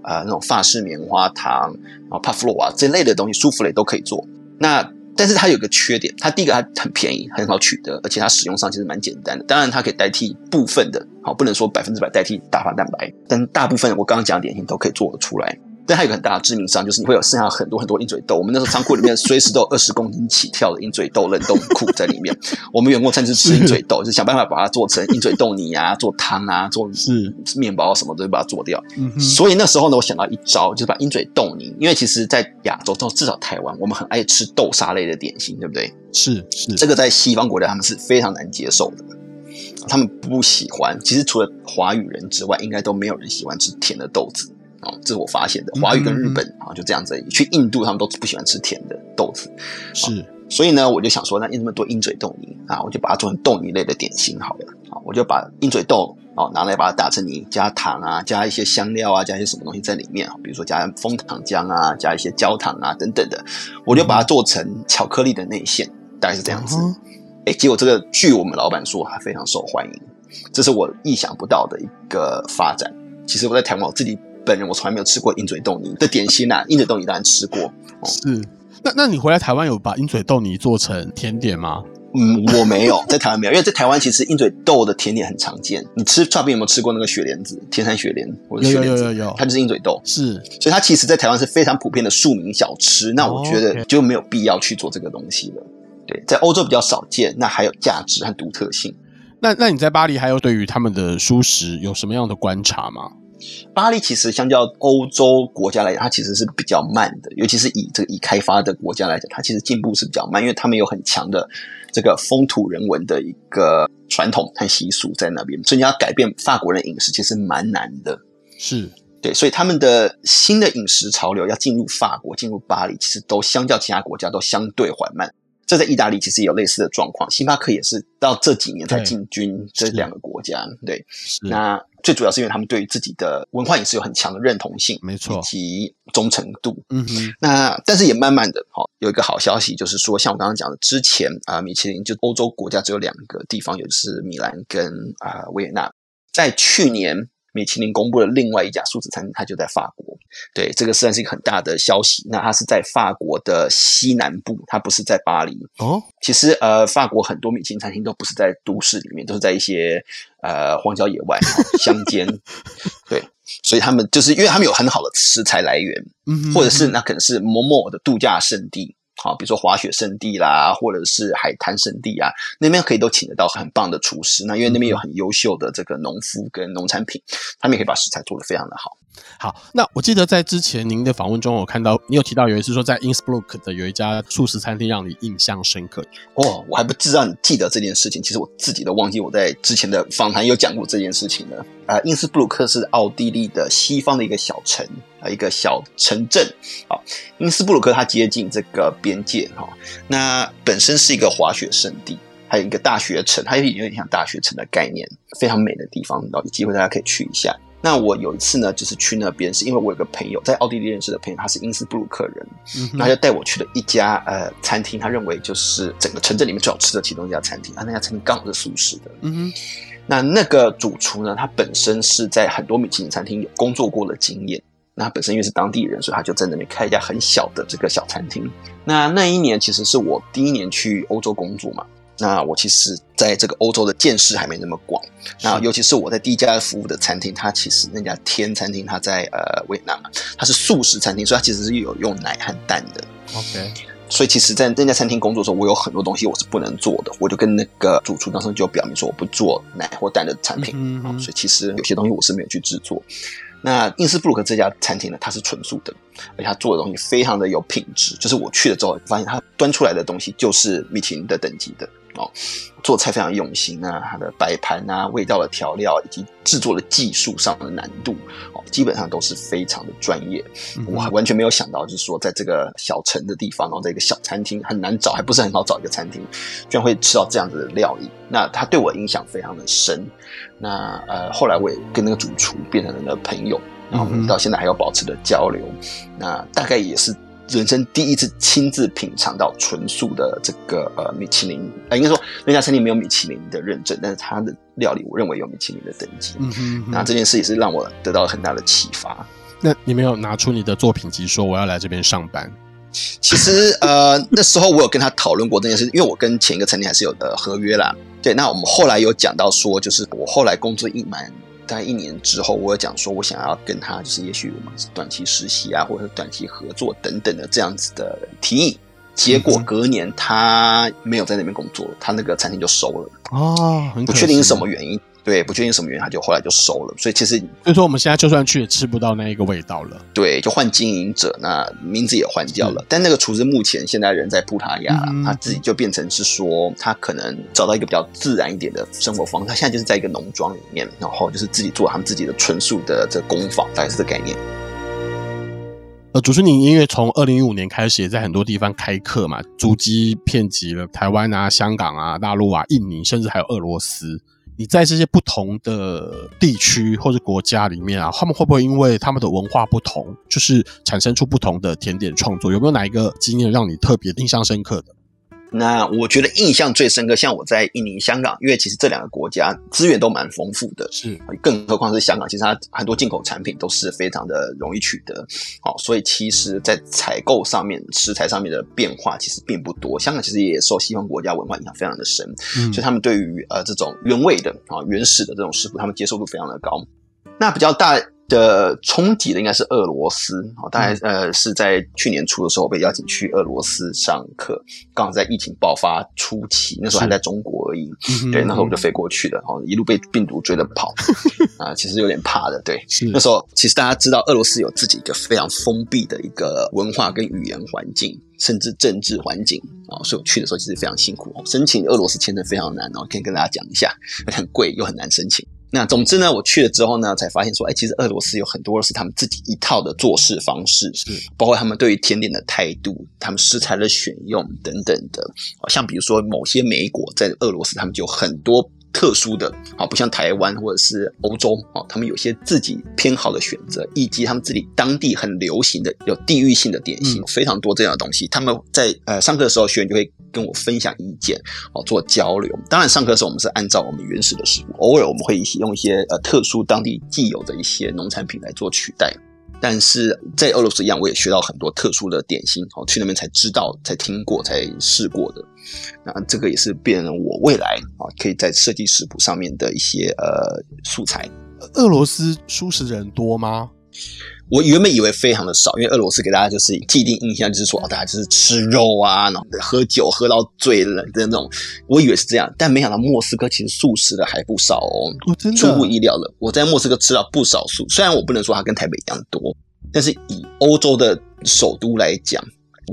呃那種法式棉花糖，然後帕芙洛娃這類的東西，舒芙蕾都可以做。那但是它有個缺點，它第一個它很便宜，很好取得，而且它使用上其實蠻簡單的。當然它可以代替部分的，好，不能說百分之百代替打發蛋白，但大部分我剛剛講的點心都可以做得出來。但它有個很大的致命傷，就是你會有剩下很多很多鷹嘴豆，我們那時候倉庫裡面隨時都有二十公斤起跳的鷹嘴豆冷凍庫在裡面。 我們員工餐就吃鷹嘴豆，是就是想辦法把它做成鷹嘴豆泥啊、做湯啊、做麵包什麼的，把它做掉。是所以那時候呢，我想到一招，就是把鷹嘴豆泥，因為其實，在亞洲，到至少台灣，我們很愛吃豆沙類的點心，對不對？是是，是這個在西方國家他們是非常難接受的，他們不喜歡。其實除了華語人之外，應該都沒有人喜歡吃甜的豆子。這是我發現的，華語跟日本、嗯、啊就這樣子。去印度他們都不喜歡吃甜的豆子，是、啊，所以呢，我就想說，那印度那麼多鷹嘴豆泥啊，我就把它做成豆泥類的點心好了啊。我就把鷹嘴豆哦、啊、拿來把它打成泥，加糖啊，加一些香料啊，加一些什麼東西在裡面、啊、比如說加楓糖漿啊，加一些焦糖啊等等的，我就把它做成巧克力的內餡，嗯、大概是這樣子。哎、嗯哦，結果、欸、這個據我們老闆說還非常受歡迎，這是我意想不到的一個發展。其實我在台灣我自己。本人我從來沒有吃過鷹嘴豆泥的點心吶、啊，鷹嘴豆泥當然吃過，哦、是。那那你回來台灣有把鷹嘴豆泥做成甜點嗎？嗯，我沒有，在台灣沒有，因為在台灣其實鷹嘴豆的甜點很常見。你吃差不多有沒有吃過那個雪蓮子？天山雪蓮或者雪蓮子？有有，有有有，它就是鷹嘴豆，是。所以它其實在台灣是非常普遍的庶民小吃。那我覺得就沒有必要去做這個東西了。對，在歐洲比較少見，嗯、那還有價值和獨特性。那那你在巴黎還有對於他們的蔬食有什麼樣的觀察嗎？巴黎其實相較歐洲國家來講，它其實是比較慢的，尤其是以這個已開發的國家來講，它其實進步是比較慢，因為他們有很強的這個風土人文的一個傳統和習俗在那邊，所以你要改變法國人的飲食其實蠻難的。是，對，所以他們的新的飲食潮流要進入法國、進入巴黎，其實都相較其他國家都相對緩慢。這在意大利其實也有類似的狀況，星巴克也是到這幾年才進軍這兩個國家。對，對是那。最主要是因為他們對於自己的文化也是有很強的認同性，沒錯，以及忠誠度。嗯哼，那但是也慢慢的，好有一個好消息就是說，像我剛剛講的，之前啊，米其林就歐洲國家只有兩個地方，有是米蘭跟啊、呃、維也納，在去年。米其林公布了另外一家素食餐廳，它就在法國。對，這個算是一個很大的消息，那它是在法國的西南部，它不是在巴黎。哦，其實呃，法國很多米其林餐廳都不是在都市裡面，都是在一些呃荒郊野外，啊、鄉間。 對，所以他們就是因為他們有很好的食材來源，嗯、哼哼，或者是那可能是某某的度假勝地。好，比如說滑雪聖地啦，或者是海灘聖地啊，那邊可以都請得到很棒的廚師。那因為那邊有很優秀的這個農夫跟農產品，他們也可以把食材做得非常的好。好，那我記得在之前您的訪問中，我看到你有提到有一次說在因斯布魯克的有一家素食餐廳讓你印象深刻。哦，我還不知道你記得這件事情，其實我自己都忘記我在之前的訪談有講過這件事情了。啊，因斯布魯克是奧地利的西方的一個小城，一個小城鎮，哦、因斯布魯克它接近這個邊界哈、哦，那本身是一個滑雪勝地，還有一個大學城，它有點有點像大學城的概念，非常美的地方，有機會大家可以去一下。那我有一次呢，就是去那邊，是因為我有個朋友在奧地利認識的朋友，他是因斯布魯克人，嗯、哼他就帶我去了一家呃餐廳，他認為就是整個城鎮裡面最好吃的其中一家餐廳，啊，那家餐廳剛好是素食的，嗯哼那那個主廚呢，他本身是在很多米其林餐廳有工作過的經驗。那本身因為是當地人，所以他就在那邊開一家很小的這個小餐廳。那那一年其實是我第一年去歐洲工作嘛。那我其實在這個歐洲的見識還沒那麼廣。是那尤其是我在第一家服務的餐廳，它其實那家天餐廳它在呃維也納嘛，它是素食餐廳，所以它其實是有用奶和蛋的。OK，所以其實，在那家餐廳工作的時候，我有很多東西我是不能做的。我就跟那個主廚當時就表明說，我不做奶或蛋的產品。嗯、哼哼所以其實有些東西我是沒有去制作。那因斯布魯克這家餐廳呢，它是純素的，而且它做的東西非常的有品質。就是我去了之後，發現它端出來的東西就是米其林的等級的。哦，做菜非常用心啊，他的擺盤啊、味道的調料以及製作的技術上的難度哦，基本上都是非常的專業。嗯、哼我完全沒有想到，就是說在這個小城的地方，然後在一個小餐廳很難找，還不是很好找一個餐廳，居然會吃到這樣子的料理。那他對我印象非常的深。那呃，後來我也跟那個主廚變成了朋友，然後我們到現在還有保持的交流。嗯、哼那大概也是。人生第一次親自品嚐到純素的這個呃米其林，啊、呃、應該說那家餐廳沒有米其林的認證，但是他的料理我認為有米其林的等級。嗯哼、嗯哼，那這件事也是讓我得到了很大的啟發。那你沒有拿出你的作品集說我要來這邊上班？其實呃那時候我有跟他討論過這件事，因為我跟前一個餐廳還是有的合約啦。對，那我們後來有講到說，就是我後來工作一滿。大概一年之後，我有講說，我想要跟他，就是也許我們短期實習啊，或者是短期合作等等的這樣子的提議。結果隔年他沒有在那邊工作，他那個餐廳就收了哦，不確定是什麼原因。對，不確定什麼原因，他就後來就收了，所以其實所以說，我們現在就算去也吃不到那一個味道了。對，就換經營者，那名字也換掉了。嗯、但那個廚師目前現在人在葡萄牙，嗯、他自己就變成是說，他可能找到一個比較自然一點的生活方式。他現在就是在一個農莊裡面，然後就是自己做他們自己的純素的這個工坊，大概是這個概念。呃，主廚您因為從二零一五年開始也在很多地方開課嘛，足跡遍及了台灣啊、香港啊、大陸啊、印尼，甚至還有俄羅斯。你在這些不同的地區或者國家裡面啊，他們會不會因為他們的文化不同，就是產生出不同的甜點創作？有沒有哪一個經驗讓你特別印象深刻的？那我覺得印象最深刻，像我在印尼、香港，因為其實這兩個國家資源都蠻豐富的，是、嗯，更何況是香港，其實它很多進口產品都是非常的容易取得，好、哦，所以其實，在採購上面、食材上面的變化其實並不多。香港其實也受西方國家文化影響非常的深，嗯、所以他們對於呃這種原味的、啊、哦、原始的這種食物，他們接受度非常的高。那比較大的衝擊的應該是俄羅斯、哦，大概呃是在去年初的時候被邀請去俄羅斯上課，剛好在疫情爆發初期，那時候還在中國而已，是對，那時候我就飛過去了，哦、一路被病毒追着跑，啊、 呃，其實有點怕的，對，是那時候其實大家知道俄羅斯有自己一個非常封閉的一個文化跟語言環境，甚至政治環境，啊、哦，所以我去的時候其實非常辛苦，哦、申請俄羅斯簽證非常難哦，然後可以跟大家講一下，很貴又很難申請。那總之呢，我去了之後呢，才發現說，哎、欸，其實俄羅斯有很多是他們自己一套的做事方式，嗯、包括他們對於甜點的態度，他們食材的選用等等的，像比如說某些莓果在俄羅斯他們就很多。特殊的啊，不像台灣或者是歐洲啊，他們有些自己偏好的選擇，以及他們自己當地很流行的有地域性的點心，非常多這樣的東西。他們在呃上課的時候，學員就會跟我分享意見，哦做交流。當然上課的時候我們是按照我們原始的食物，偶爾我們會用一些呃特殊當地既有的一些農產品來做取代。但是在俄羅斯一樣，我也學到很多特殊的點心哦，去那邊才知道、才聽過、才試過的。那這個也是變成我未來啊，可以在設計食譜上面的一些呃素材。俄羅斯素食的人多嗎？我原本以為非常的少，因為俄羅斯給大家就是既定印象就是說，大家就是吃肉啊，然後喝酒喝到醉了的那種，我以為是這樣，但沒想到莫斯科其實素食的還不少哦。哦，真的？出乎意料的。我在莫斯科吃了不少素，雖然我不能說它跟台北一樣多，但是以歐洲的首都來講，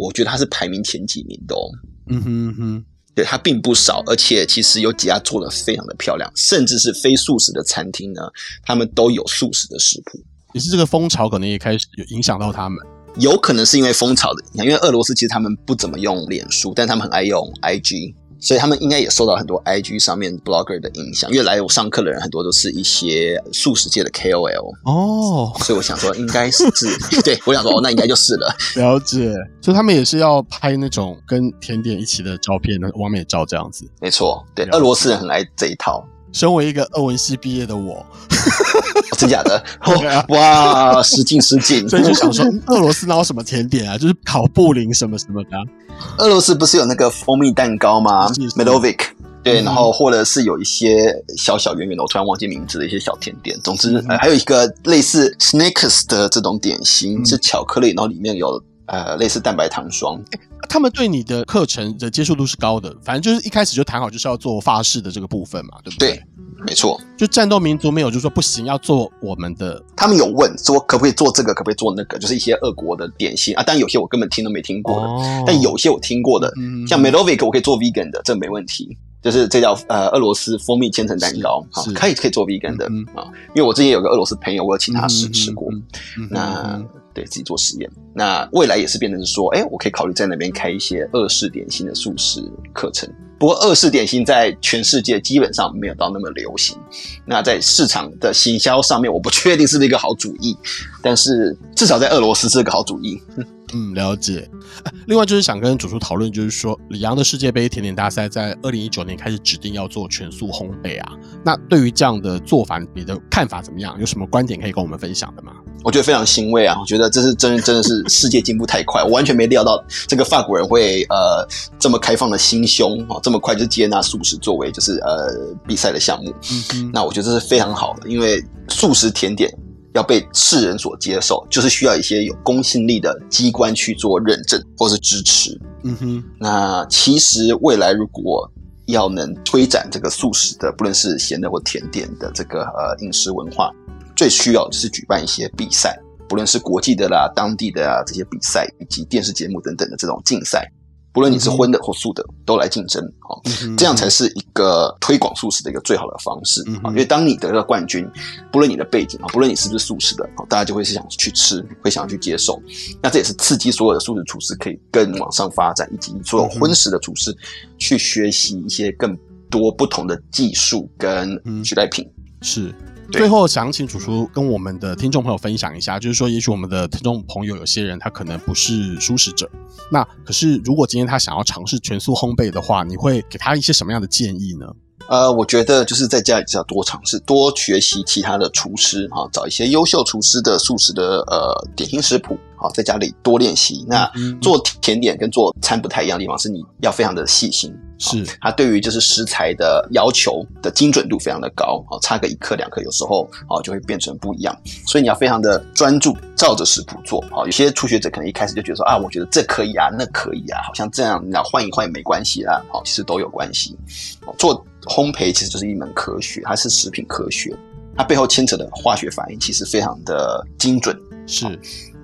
我覺得它是排名前幾名的哦。嗯哼嗯哼，對，它並不少，而且其實有幾家做得非常的漂亮，甚至是非素食的餐廳呢，他們都有素食的食譜。也是這個風潮可能也開始有影響到他們，有可能是因為風潮的影響，因為俄羅斯其實他們不怎麼用臉書，但他們很愛用 IG。所以他們應該也受到很多 IG 上面 Blogger 的影響，因為來我上課的人很多都是一些素食界的 KOL 哦，所以我想說應該是是 對，我想說，哦，那應該就是了。了解，所以他們也是要拍那種跟甜點一起的照片，網美照這樣子，沒錯，對，了解，俄羅斯人很愛這一套。身為一個俄文系畢業的我， 真假的？哇，失敬失敬！所以就想說，俄羅斯哪有什麼甜點啊？就是烤布林什麼什麼的。俄羅斯不是有那個蜂蜜蛋糕嗎？Medovik。是是 Medovik，對，嗯、然後或者是有一些小小圓圓的，我突然忘記名字的一些小甜點。總之，嗯、還有一個類似 Snickers 的這種點心，嗯、是巧克力，然後裡面有。呃，類似蛋白糖霜。他們對你的課程的接受度是高的？反正就是一開始就談好，就是要做法式的這個部分嘛，對不對？對，沒錯。就戰鬥民族沒有就是說不行，要做我們的。他們有問說可不可以做這個，可不可以做那個，就是一些俄國的點心啊。但有些我根本聽都沒聽過的，哦、但有些我聽過的，嗯、像 Medovik 我可以做 vegan 的，這沒問題。就是這叫呃俄羅斯蜂蜜千層蛋糕，好、哦，可以，可以做 vegan 的啊，嗯嗯、因為我之前有個俄羅斯朋友，我有請他試吃過，嗯、那。嗯對自己做實驗，那未來也是變成是說，哎，我可以考慮在那邊開一些俄式點心的素食課程。不過，俄式點心在全世界基本上沒有到那麼流行。那在市場的行銷上面，我不確定是不是一個好主意，但是至少在俄羅斯是一個好主意。嗯嗯，了解。另外就是想跟主廚討論，就是說里昂的世界杯甜點大賽在二零一九年開始指定要做全素烘焙啊。那對於這樣的做法，你的看法怎麼樣？有什麼觀點可以跟我們分享的嗎？我覺得非常欣慰啊！我覺得這是真真的是世界進步太快， 我完全沒料到這個法國人會呃這麼開放的心胸啊、哦，這麼快就接納素食作為就是呃比賽的項目。嗯嗯哼，那我覺得這是非常好的，因為素食甜點。要被世人所接受，就是需要一些有公信力的機關去做認證或是支持。嗯哼，那其實未來如果要能推展這個素食的，不論是鹹的或甜點的這個呃飲食文化，最需要就是舉辦一些比賽，不論是國際的啦、當地的啊這些比賽，以及電視節目等等的這種競賽。不論你是葷的或素的，嗯、哼都來競爭啊！嗯、哼這樣才是一個推廣素食的一個最好的方式，嗯、哼因為當你得到冠軍，不論你的背景啊，不論你是不是素食的，大家就會是想去吃，會想去接受。嗯、哼那這也是刺激所有的素食廚師可以更往上發展，以及所有葷食的廚師去學習一些更多不同的技術跟取代品。嗯、是。對最後想請主廚跟我們的聽眾朋友分享一下，就是說，也許我們的聽眾朋友有些人他可能不是素食者，那可是如果今天他想要嘗試全素烘焙的話，你會給他一些什麼樣的建議呢？呃，我覺得就是在家裡是要多嘗試，多學習其他的廚師啊，找一些優秀廚師的素食的呃點心食譜。在家裡多練習。那做甜點跟做餐不太一樣的地方是，你要非常的細心。是，它對於就是食材的要求的精準度非常的高。差個一克兩克，有時候就會變成不一樣。所以你要非常的專注，照着食譜做。好。有些初學者可能一開始就覺得說啊，我覺得這可以啊，那可以啊，好像這樣那換一換也沒關係啦。好，其實都有關係。做烘焙其實就是一門科學，它是食品科學，它背後牽扯的化學反應其實非常的精準。是。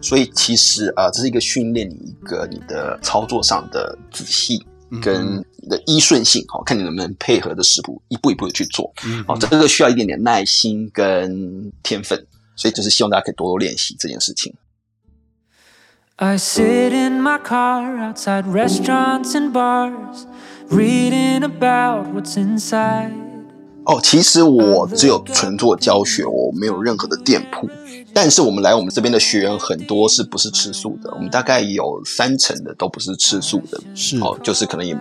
所以其實啊、呃，這是一個訓練你一個你的操作上的仔細跟你的依順性，哈、嗯嗯哦，看你能不能配合的食譜一步一步的去做，嗯嗯哦，這個需要一點點耐心跟天分，所以就是希望大家可以多多練習這件事情。哦，其實我只有純做教學，我沒有任何的店鋪。但是我們來我們這邊的學員很多是不是吃素的。我們大概有三成的都不是吃素的，是哦，就是可能也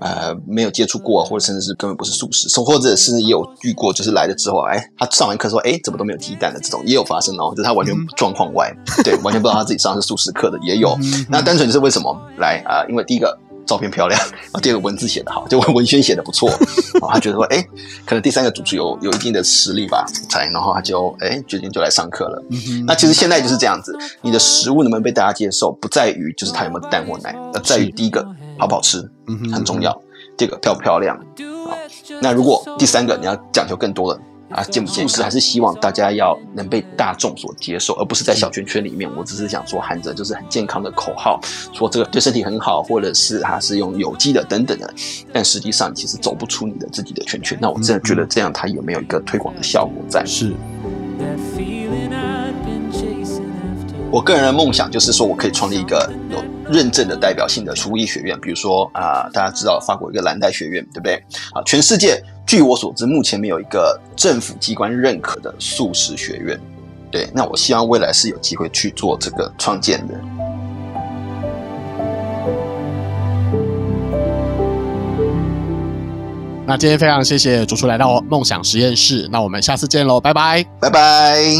呃沒有接觸過，或者甚至是根本不是素食，或者甚至也有遇過，就是來了之後，哎，他上完課說，哎，怎麼都沒有雞蛋的這種也有發生哦，就他完全、嗯、狀況外，對，完全不知道他自己上的是素食課的也有。 那單純就是為什麼來啊、呃？因為第一個。照片漂亮，第二個文字寫得好，就文文宣寫得不錯，然後、 哦、他覺得說，哎、欸，可能第三個主廚有有一定的實力吧，才，然後他就哎、欸、決定就來上課了。嗯、哼那其實現在就是這樣子，你的食物能不能被大家接受，不在於就是它有沒有蛋或奶，而在於第一個好不好吃很重要，嗯哼，嗯哼，第二個漂不漂亮，啊，那如果第三個你要講究更多的。啊，健不健康還是希望大家要能被大眾所接受，而不是在小圈圈裡面。我只是想說，喊着就是很健康的口號，說這個對身體很好，或者是它是用有機的等等的，但實際上其實走不出你的自己的圈圈。那我真的覺得這樣，它有沒有一個推廣的效果在？嗯嗯是。我個人的夢想就是說我可以創立一個有認證的代表性的廚藝學院，比如說啊、呃，大家知道法國一個藍帶學院，對不對？啊，全世界。據我所知，目前沒有一個政府機關認可的素食學院。對，那我希望未來是有機會去做這個創建的。那今天非常謝謝主廚來到夢想實驗室，那我們下次見囉，拜拜，拜拜。